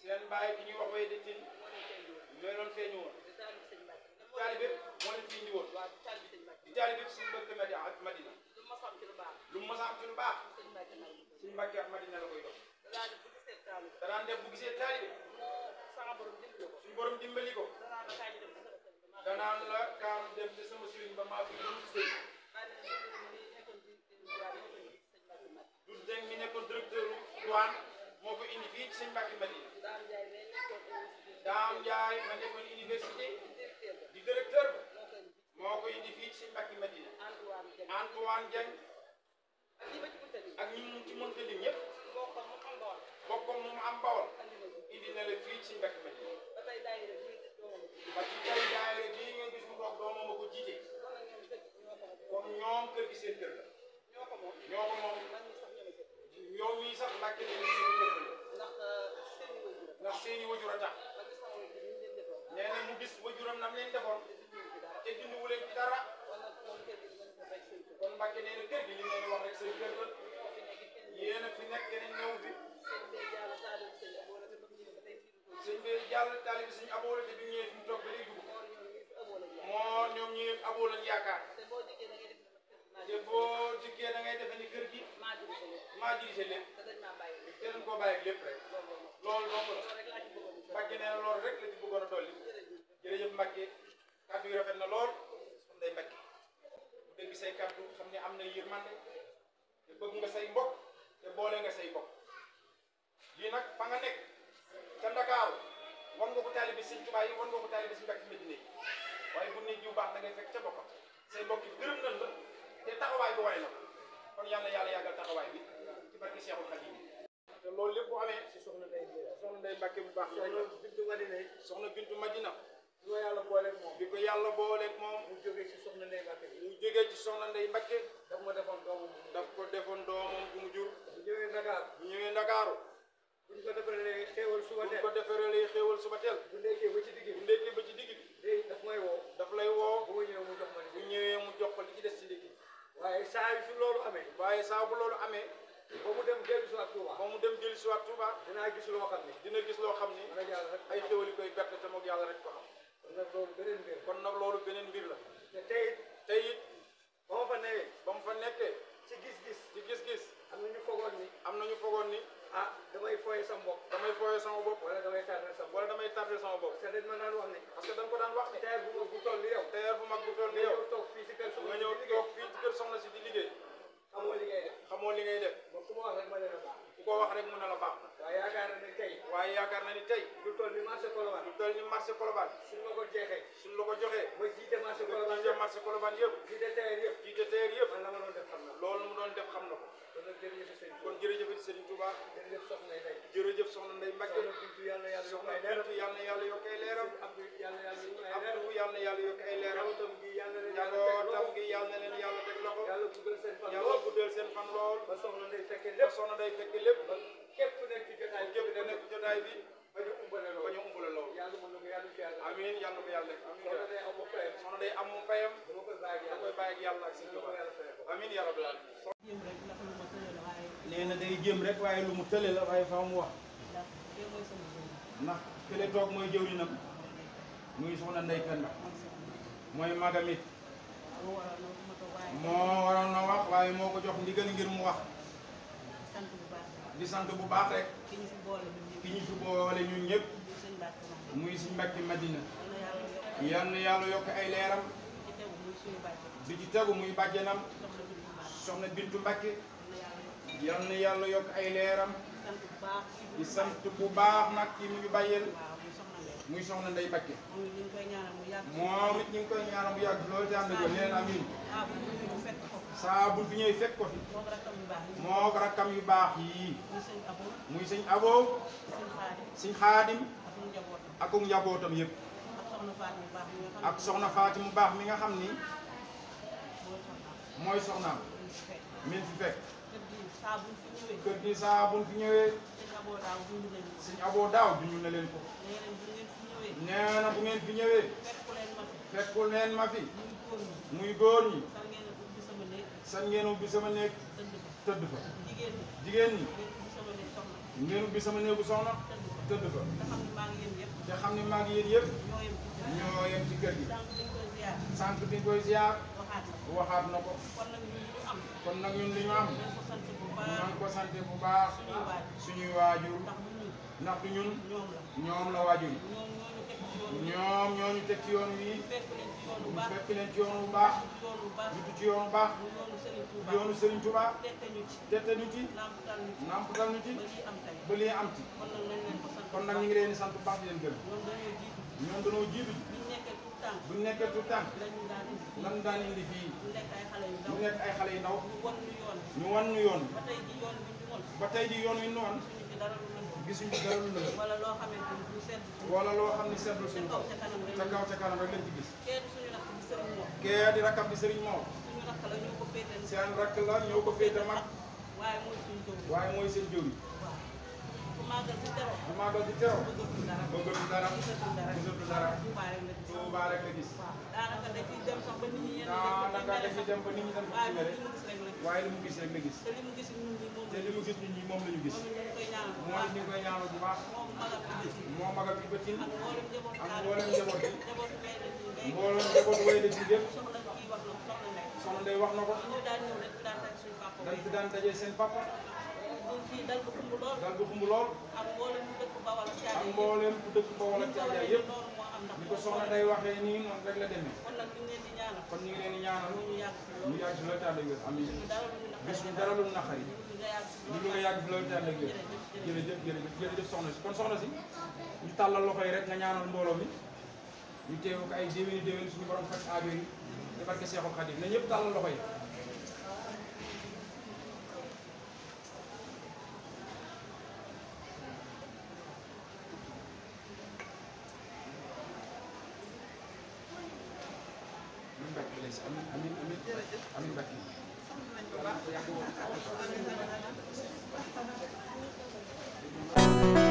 seen bàyyi ki ñu wax way de tin ñooy doon feeñu woon taali bépp moo leen fi indi woon di taali bépp suñu mbokk Madina ak Madina lu mu mas a am ci lu baax suñu mbàkke ak Madina la koy dox danaan def bu gisee taali bi suñu borom dimbali ko danaan la kaam dem te sama sëriñ ba maa fi gën sëriñ fii sëñ Mbacke Madina Daam Ndiaye ma nekkoon université di directeur moo ko indi fii sëñ Mbacke Madina Antoine Diagne ak ñi mu ci mënta lim ñëpp bokkoon moom am bawol indi na la fii sëñ Mbacke Madina ba ci tey daayira bii ngeen gis mu toog doomam a ko jiite comme ñoom kër gi seen kër la ñoo ko moom yow mii sax Mbacke la ndax seeni wajur a tax nee na mu gis wajuram nam leen defoon te dindi wu leen ci dara kon Mbacke nee na kër gi li ngeen wax rek seen kër la yéen a fi nekk keneen ñëw fi sëñ bi jàll taalibi sëñ aboo la te bi ñëwee fi mu toog ba léegi dugg moo ñoom ñu aboo lañ yaakaar te boo dikkee da ngay defe ni kër gi maa dirigé lépp te dañ koo bàyyi lépp rek loolu dong la Mbacke nee na loolu rek la ci bëggoon a dolli jërëjëf Mbacke kàddu yi rafet na lool suñu day Mbacke bu dégg say kàddu xam ne am na yiir yërmande te bëgg nga say mbokk te boole nga say mbokk lii nag fa nga nekk ca Ndakaaru wan nga ko taalibe Sëñ Tuubaa yi wan nga ko taalibe Sëñ Mbacke Medina yi waaye bu nit yu baax da ngay fekk ca boppam say mbokk yi gërëm nañ la te taxawaay bi waay na ko kon yàlla yàlla yàggal taxawaay bi ci barke Seexul Xadiim loolu lépp bu amee si soxna day soxna day Mbàkke bu baax soxna bintu Madina soxna ma Madina bi ko yàlla booleeg moom bi ko yàlla booleeg moom mu jógee ci soxna Ndey Mbàkke mu jógee ci soxna Ndey Mbàkke daf ma defoon doomam daf ko defoon doomam bu mu jur bu ñëwee Dakar bu ñëwee Dakar buñ ko defaree xéewal suba teel buñ ko defaree xéewal suba teel bu ndekkee ba ci digg bi ba ci digg bi day daf may woo daf lay woo bu ma ñëwee mu jox ma bu ñëwee mu jox ko li ci des ci liggi waaye saa yu fi loolu amee waaye saa bu loolu amee ba dem dem dellusiwaat Touba ba mu dem dellusiwaat Touba dinaa gis loo xam ni dina gis loo xam ne ay xéwal yi koy bett te moog yàlla rek ko xam loolu beneen mbir kon nag loolu beneen mbir la te tey it tey fa newee ba mu fa nekkee ci gis-gis ci gis-gis am na ñu fogoon ni am na ñu fogoon ni ah damay fooye sama bopp damay fooye sama bopp damay tardé sama sama bopp parce ma daan wax ne wax rek waaye yaakaar na ni tey. waaye toll ni marché Colobane. lu toll ni marché Colobane. suñ la joxee. ma jiite marché Colobane yëpp marché Colobane yëpp. jiite teer yëpp. jiite teer yëpp. man doon def xam na loolu mu doon def xam na ko. jërëjëf Serigne Touba. jërëjëf soxna jërëjëf soxna Ndeye Mbacke. soxna Bintu yàlla yàlla yokkee leeram. ay leeram njabootam gi yàlla na leen yàlla teg loxo yàlla guddal seen fan yàlla guddal seen fan lool ba soxna day fekke lépp soxna day fekke lépp képp nekk ci jotaay képp nekk ci jotaay bi ba ñu umbale lool ba ñu umbale lool yàlla mën na ko yàlla ya rabbal alamin nee na day jéem rek waaye lu mu tële la waaye faaw mu wax ndax kële toog mooy mooy magam it moo waroon na wax waaye moo ko jox ndigal ngir mu wax di sant bu baax rek ki ñu fi boole ñun ñëpp muy suñ mbàkki madina yal na yàlla yokk ay leeram bi ci tegu muy bàjjanam soxna bintu mbàkki yal na yàlla yokk ay leeram di sant bu baax nag ki mu ngi bàyyeel muy soxna ndey mbàkki moom it ñu ngi koy ñaanal bu yàgg loolu te am na ko leen amiin saa bu fi ñëwee fekk ko fi moo ko rakkam yu baax yii muy sëñ abo sëñ xaadim ak ak njabootam yëpp ak soxna Faati mu baax mi nga xam ni mooy soxna min fi fekk kër gi saa bu ñëwee sëñ abo daaw du ñu ne leen ko nee na bu ngeen fi ñëwee. fekkul ma fi. muy góor ñi. sañ ngeen ubbi sama néeg. tëdd fa. jigéen ñi. ngeen ubbi sama néegu soxna. tëdd fa. te xam ni maa ngi yéen yëpp. ñoo kër gi. sant bi koy ziar. waxaat na ko. kon nag ñun li ñu am. maa ko sant bu baax. suñuy waajur. ndax du ñun ñoom la waajur ñoom ñoo ñu teg ci yoon wi ñu fekk leen ci yoon bu baax ñu ci yoon bu baax yoonu Serigne ñu ci nàmpatal ñu ci ba am ci kon nag ñu ngi leen di sant bu baax di leen gërëm ñoom dañoo jiitu bu nekkee tout temps daan indi fii bu nekk ay xale yu ndaw ñu wan ñu yoon ba tey ji yoon wi ñu woon gisuñu dara lu lëndëm. wala loo loo xam ne seetlu suñu ko ca kaw ca kanam rek lañ ci gis. kee di suñu rakk bi sëriñ moom. kee di rakkam moom. ñoo ko féete. seen rakk la ñoo ko féete mag. waaye mooy suñu jóg. waaye màggal bu teew. bu màggal bu teew. bëggatul dara bëggatul dara. gisatul dara gisatul dara. Tuubaa rek la gis. Tuubaa rek la gis. waaw daanaka da ciy dem sax ba nit ñi yenn dem ba nit ñi dem waaye li mu gis rek la gis. waaye li mu gis rek la gis. te li mu gis ñun ñi moom te li mu gis ñun ñi moom la ñu gis. moom ñu koy ñaanal bu baax. moom ñu koy ñaanal bu baax. moom magal bi bëtin. moom magal bi bëtin. ak mboolem njaboot bi ak mboolem njaboot bi. mboolem njaboot way la ci lépp. soxna kii wax na soxna ndey wax na ko. dañ fi daan dajee seen papa moom fii dal ko xumb lool. dal ko xumb lool. ak mboolem bu dëkk Bawol ak Caajaay yëpp ak mboolem bu dëkk Bawol ak Caajaay yëpp. ni ko soxna day waxee nii noonu rek la demee. kon nag ñu ngi leen di ñaanal. kon ñu ngi leen di ñaanal. ñu yàgg si loolu ñu yàgg si loolu taal ak yooyu am nañu. bis bu dara lu naqari. ñu ngi nga yàgg si loolu taal ak yooyu. jërëjëf jërëjëf jërëjëf soxna si kon soxna si ñu tàllal loxo yi rek nga ñaanal mbooloo mi ñu teew ko ay déwéni déwéni suñu borom faj aajo yi di barke Seexul Xadim na ñëpp tàllal loxo yi Blaise amin, amiin amin,